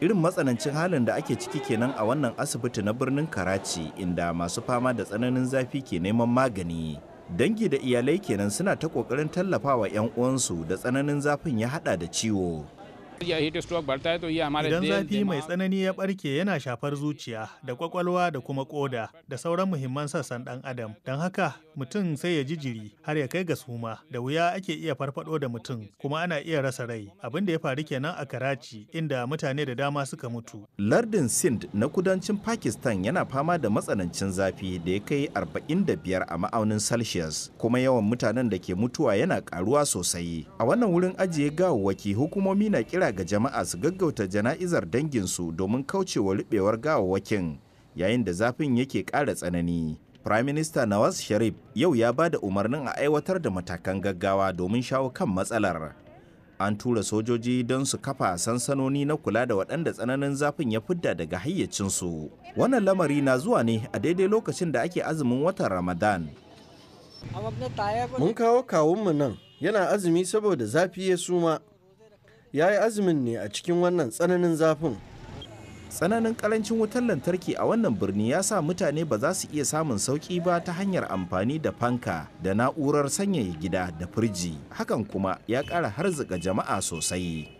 irin matsanancin halin da ake ciki kenan a wannan asibiti na birnin karachi inda masu fama da tsananin zafi ke neman magani dangi da iyalai kenan suna ta kokarin tallafawa 'yan uwansu da tsananin zafin ya hada da ciwo Idan zafi mai tsanani ya barke yana shafar zuciya da ƙwaƙwalwa da kuma ƙoda, da sauran muhimman sassan ɗan adam. Don haka mutum sai ya ji jiri har ya kai ga suma da wuya ake iya farfaɗo da mutum kuma ana iya rasa rai. Abin da ya faru kenan a Karachi inda mutane da dama suka mutu. Lardin Sindh na kudancin Pakistan yana fama da matsanancin zafi da ya kai 45 a ma'aunin Celsius kuma yawan mutanen da ke mutuwa yana ƙaruwa sosai. A wannan wurin ajiye gawawwaki hukumomi na kira kira ga jama'a su gaggauta jana'izar danginsu domin kaucewa rubewar gawawakin yayin da zafin yake ƙara tsanani. Prime Minister Nawaz Sharif yau ya ba da umarnin a aiwatar da matakan gaggawa domin shawo kan matsalar. An tura sojoji don su kafa sansanoni na kula da waɗanda tsananin zafin ya fidda daga hayyacinsu. Wannan lamari na zuwa ne a daidai lokacin da ake azumin watan Ramadan. Mun kawo kawunmu nan yana azumi saboda zafi ya suma ya yi azumin ne a cikin wannan tsananin zafin tsananin karancin wutar lantarki a wannan birni ya sa mutane ba za su iya samun sauƙi ba ta hanyar amfani da fanka da na'urar sanyaya gida da firji hakan kuma ya ƙara harzika jama'a sosai